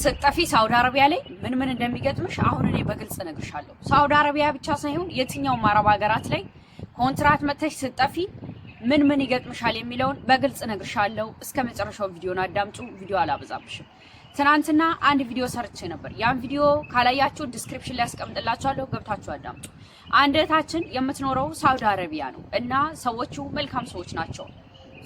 ስጠፊ ሳውዲ አረቢያ ላይ ምን ምን እንደሚገጥምሽ አሁን እኔ በግልጽ እነግርሻለሁ። ሳውዲ አረቢያ ብቻ ሳይሆን የትኛውም አረብ ሀገራት ላይ ኮንትራት መተሽ ስጠፊ ምን ምን ይገጥምሻል የሚለውን በግልጽ እነግርሻለሁ። እስከ መጨረሻው ቪዲዮን አዳምጡ። ቪዲዮ አላበዛብሽም። ትናንትና አንድ ቪዲዮ ሰርቼ ነበር። ያን ቪዲዮ ካላያችሁ ዲስክሪፕሽን ላይ አስቀምጥላችኋለሁ፣ ገብታችሁ አዳምጡ። አንድ እህታችን የምትኖረው ሳውዲ አረቢያ ነው እና ሰዎቹ መልካም ሰዎች ናቸው።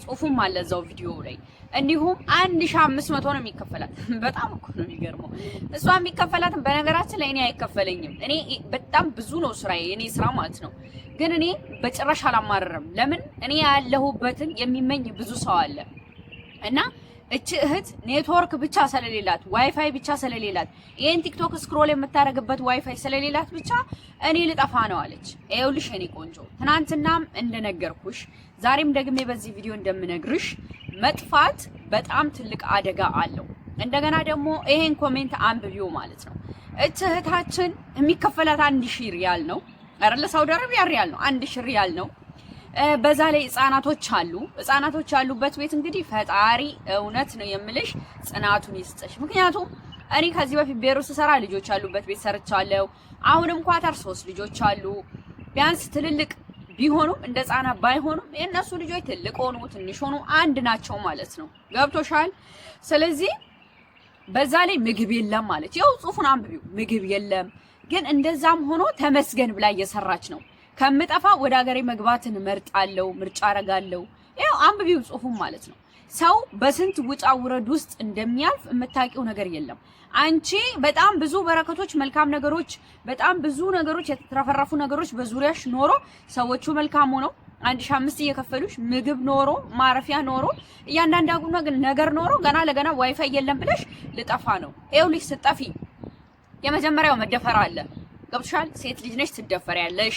ጽሁፉም አለ እዛው ቪዲዮ ላይ እንዲሁም አንድ ሺህ አምስት መቶ ነው የሚከፈላት። በጣም እኮ ነው የሚገርመው። እሷ የሚከፈላትም በነገራችን ላይ እኔ አይከፈለኝም። እኔ በጣም ብዙ ነው ስራዬ፣ እኔ ስራ ማለት ነው። ግን እኔ በጭራሽ አላማረርም። ለምን እኔ ያለሁበትን የሚመኝ ብዙ ሰው አለ እና እቺ እህት ኔትወርክ ብቻ ስለሌላት ዋይፋይ ብቻ ስለሌላት ይሄን ቲክቶክ ስክሮል የምታደርግበት ዋይፋይ ስለሌላት ብቻ እኔ ልጠፋ ነው አለች። ይኸውልሽ የኔ ቆንጆ ትናንትናም እንደነገርኩሽ ዛሬም ደግሜ በዚህ ቪዲዮ እንደምነግርሽ መጥፋት በጣም ትልቅ አደጋ አለው። እንደገና ደግሞ ይሄን ኮሜንት አንብቢው ማለት ነው። እቺ እህታችን የሚከፈላት አንድ ሺህ ሪያል ነው አይደለ? ሳውዲ አረቢያ ሪያል ነው። አንድ ሺህ ሪያል ነው በዛ ላይ ህጻናቶች አሉ። ህጻናቶች ያሉበት ቤት እንግዲህ ፈጣሪ እውነት ነው የምልሽ ጽናቱን ይስጥሽ። ምክንያቱም እኔ ከዚህ በፊት ቤሮ ስሰራ ልጆች ያሉበት ቤት ሰርቻለሁ። አሁንም ኳታር ሶስት ልጆች አሉ። ቢያንስ ትልልቅ ቢሆኑም እንደ ህጻናት ባይሆኑም የእነሱ ልጆች ትልቅ ሆኑ ትንሽ ሆኑ አንድ ናቸው ማለት ነው። ገብቶሻል? ስለዚህ በዛ ላይ ምግብ የለም ማለት ያው ጽሁፉን አንብቢው ምግብ የለም ግን እንደዛም ሆኖ ተመስገን ብላ እየሰራች ነው ከምጠፋ ወደ ሀገሬ መግባትን እመርጣለሁ፣ ምርጫ አረጋለሁ። ያው አንብቢው ጽሁፉም ማለት ነው። ሰው በስንት ውጣ ውረድ ውስጥ እንደሚያልፍ የምታውቂው ነገር የለም። አንቺ በጣም ብዙ በረከቶች፣ መልካም ነገሮች፣ በጣም ብዙ ነገሮች፣ የተትረፈረፉ ነገሮች በዙሪያሽ ኖሮ ሰዎቹ መልካም ሆነው አንድ ሺህ አምስት እየከፈሉሽ ምግብ ኖሮ ማረፊያ ኖሮ እያንዳንዱ ነገር ኖሮ ገና ለገና ዋይፋይ የለም ብለሽ ልጠፋ ነው። ይኸውልሽ ስጠፊ የመጀመሪያው መደፈር አለ። ገብቶሻል። ሴት ልጅ ነሽ፣ ትደፈሪያለሽ፣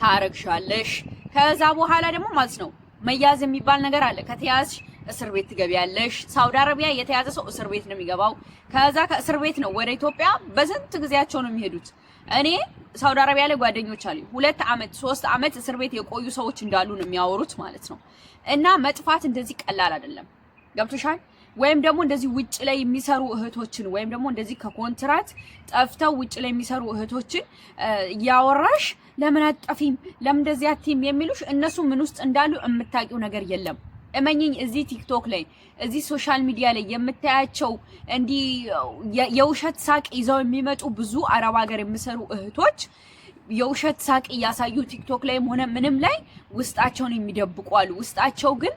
ታረግሻለሽ። ከዛ በኋላ ደግሞ ማለት ነው መያዝ የሚባል ነገር አለ። ከተያዝሽ እስር ቤት ትገቢያለሽ። ሳውዲ አረቢያ የተያዘ ሰው እስር ቤት ነው የሚገባው። ከዛ ከእስር ቤት ነው ወደ ኢትዮጵያ በስንት ጊዜያቸው ነው የሚሄዱት። እኔ ሳውዲ አረቢያ ላይ ጓደኞች አሉ ሁለት ዓመት ሶስት ዓመት እስር ቤት የቆዩ ሰዎች እንዳሉ ነው የሚያወሩት ማለት ነው። እና መጥፋት እንደዚህ ቀላል አይደለም። ገብቶሻል። ወይም ደግሞ እንደዚህ ውጭ ላይ የሚሰሩ እህቶችን ወይም ደግሞ እንደዚህ ከኮንትራት ጠፍተው ውጭ ላይ የሚሰሩ እህቶችን እያወራሽ ለምን አጠፊም ለምን እንደዚህ አትይም የሚሉሽ እነሱ ምን ውስጥ እንዳሉ የምታውቂው ነገር የለም። እመኝኝ እዚህ ቲክቶክ ላይ እዚህ ሶሻል ሚዲያ ላይ የምታያቸው እንዲህ የውሸት ሳቅ ይዘው የሚመጡ ብዙ አረብ ሀገር የሚሰሩ እህቶች የውሸት ሳቅ እያሳዩ ቲክቶክ ላይም ሆነ ምንም ላይ ውስጣቸውን የሚደብቁ አሉ። ውስጣቸው ግን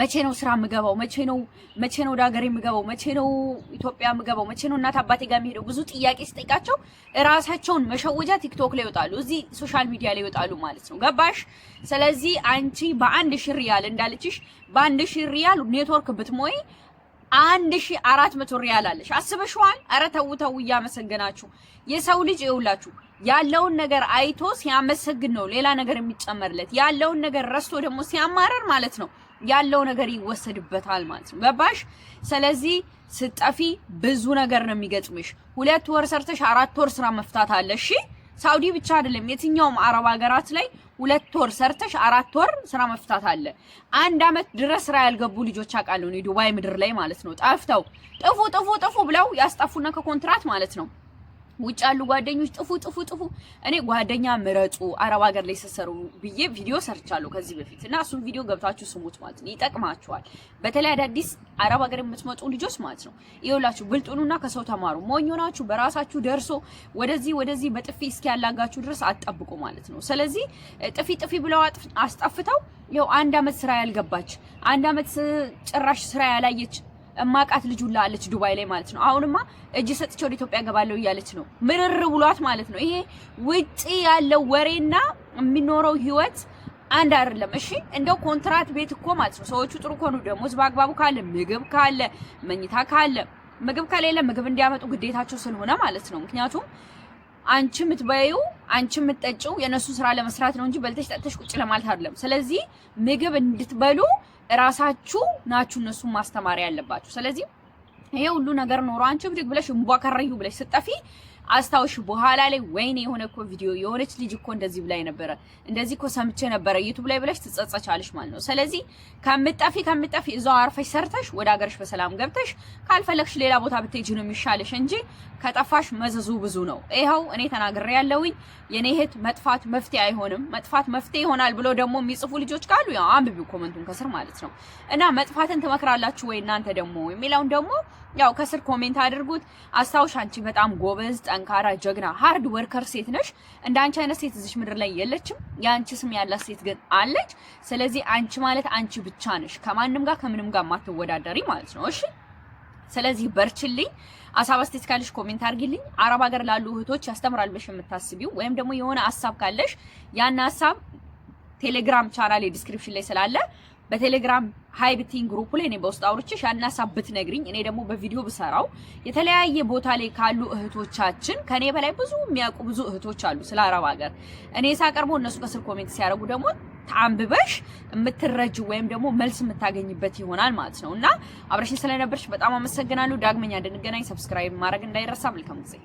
መቼ ነው ስራ የምገባው? መቼ ነው መቼ ነው ወደ ሀገር የምገባው? መቼ ነው ኢትዮጵያ የምገባው? መቼ ነው እናት አባቴ ጋር የሚሄደው? ብዙ ጥያቄ ስጠይቃቸው እራሳቸውን መሸወጃ ቲክቶክ ላይ ይወጣሉ፣ እዚህ ሶሻል ሚዲያ ላይ ይወጣሉ ማለት ነው። ገባሽ? ስለዚህ አንቺ በአንድ ሺህ ሪያል እንዳለችሽ በአንድ ሺህ ሪያል ኔትወርክ ብትሞይ አንድ ሺ አራት መቶ ሪያል አለሽ። አስበሽዋል? አረ ተው ተው፣ እያመሰገናችሁ የሰው ልጅ ይውላችሁ ያለውን ነገር አይቶ ሲያመሰግን ነው ሌላ ነገር የሚጨመርለት። ያለውን ነገር ረስቶ ደግሞ ሲያማረር ማለት ነው ያለው ነገር ይወሰድበታል ማለት ነው። ገባሽ? ስለዚህ ስጠፊ ብዙ ነገር ነው የሚገጥምሽ። ሁለት ወር ሰርተሽ አራት ወር ስራ መፍታት አለ። እሺ ሳውዲ ብቻ አይደለም፣ የትኛውም አረብ ሀገራት ላይ ሁለት ወር ሰርተሽ አራት ወር ስራ መፍታት አለ። አንድ አመት ድረስ ስራ ያልገቡ ልጆች አውቃለሁ እኔ ዱባይ ምድር ላይ ማለት ነው። ጠፍተው ጥፉ ጥፉ ጥፉ ብለው ያስጠፉና ከኮንትራት ማለት ነው ውጭ ያሉ ጓደኞች ጥፉ ጥፉ ጥፉ። እኔ ጓደኛ ምረጡ አረብ ሀገር ላይ ስትሰሩ ብዬ ቪዲዮ ሰርቻለሁ ከዚህ በፊት እና እሱን ቪዲዮ ገብታችሁ ስሙት ማለት ነው፣ ይጠቅማችኋል። በተለይ አዳዲስ አረብ ሀገር የምትመጡ ልጆች ማለት ነው። ይኸውላችሁ ብልጡኑና ከሰው ተማሩ። ሞኞ ናችሁ በራሳችሁ ደርሶ ወደዚህ ወደዚህ በጥፊ እስኪያላጋችሁ ድረስ አትጠብቁ ማለት ነው። ስለዚህ ጥፊ ጥፊ ብለው አስጠፍተው ይኸው አንድ አመት ስራ ያልገባች አንድ አመት ጭራሽ ስራ ያላየች ማቃት ልጅ ሁላ አለች ዱባይ ላይ ማለት ነው። አሁንማ እጅ ሰጥቼ ወደ ኢትዮጵያ ገባለሁ እያለች ነው። ምርር ብሏት ማለት ነው። ይሄ ውጪ ያለው ወሬና የሚኖረው ህይወት አንድ አይደለም። እሺ እንደው ኮንትራት ቤት እኮ ማለት ነው ሰዎቹ ጥሩ ከሆኑ ደሞዝ በአግባቡ ካለ፣ ምግብ ካለ፣ መኝታ ካለ፣ ምግብ ከሌለ ምግብ እንዲያመጡ ግዴታቸው ስለሆነ ማለት ነው። ምክንያቱም አንቺ የምትበይው አንቺ የምትጠጪው የእነሱ ስራ ለመስራት ነው እንጂ በልተሽ ጠጥተሽ ቁጭ ለማለት አይደለም። ስለዚህ ምግብ እንድትበሉ እራሳችሁ ናችሁ እነሱን ማስተማሪያ ያለባችሁ። ስለዚህ ይሄ ሁሉ ነገር ኖሮ አንቺ ብድግ ብለሽ እምቧ ከረዩ ብለሽ ስጠፊ አስታውሽ በኋላ ላይ ወይኔ የሆነ እኮ ቪዲዮ የሆነች ልጅ እኮ እንደዚህ ብላይ ነበረ፣ እንደዚህ እኮ ሰምቼ ነበረ ዩቱብ ላይ ብለሽ ትጸጸቻለሽ ማለት ነው። ስለዚህ ከምጠፊ ከምጠፊ እዛው አርፈሽ ሰርተሽ ወደ ሀገርሽ በሰላም ገብተሽ ካልፈለግሽ ሌላ ቦታ ብትሄጂ ነው የሚሻለሽ እንጂ ከጠፋሽ መዘዙ ብዙ ነው። ይኸው እኔ ተናግሬ ያለውኝ የኔ እህት መጥፋት መፍትሄ አይሆንም። መጥፋት መፍትሄ ይሆናል ብሎ ደግሞ የሚጽፉ ልጆች ካሉ ያው አንብቢው ኮመንቱን ከስር ማለት ነው እና መጥፋትን ትመክራላችሁ ወይ እናንተ ደግሞ የሚለውን ደግሞ ያው ከስር ኮሜንት አድርጉት። አስታውሽ አንቺ በጣም ጎበዝ ጠንካራ ጀግና ሀርድ ወርከር ሴት ነሽ። እንዳንቺ አይነት ሴት እዚሽ ምድር ላይ የለችም። የአንቺ ስም ያላት ሴት ግን አለች። ስለዚህ አንቺ ማለት አንቺ ብቻ ነሽ፣ ከማንም ጋር ከምንም ጋር ማትወዳደሪ ማለት ነው። እሺ ስለዚህ በርችልኝ። አሳብ አስተያየት ካለሽ ኮሜንት አድርጊልኝ። አረብ ሀገር ላሉ እህቶች ያስተምራል ብለሽ የምታስቢው ወይም ደግሞ የሆነ ሀሳብ ካለሽ ያን ሀሳብ ቴሌግራም ቻናል ዲስክሪፕሽን ላይ ስላለ በቴሌግራም ሃይብቲን ግሩፕ ላይ እኔ በውስጥ አውርቼሽ ያናሳብ ብትነግሪኝ እኔ ደግሞ በቪዲዮ ብሰራው የተለያየ ቦታ ላይ ካሉ እህቶቻችን ከኔ በላይ ብዙ የሚያውቁ ብዙ እህቶች አሉ ስለ አረብ ሀገር። እኔ ሳቀርበው እነሱ ከስር ኮሜንት ሲያደርጉ ደግሞ ታንብበሽ የምትረጅ ወይም ደግሞ መልስ የምታገኝበት ይሆናል ማለት ነው። እና አብረሽኝ ስለነበርሽ በጣም አመሰግናለሁ። ዳግመኛ እንድንገናኝ ሰብስክራይብ ማድረግ እንዳይረሳ። መልካም ጊዜ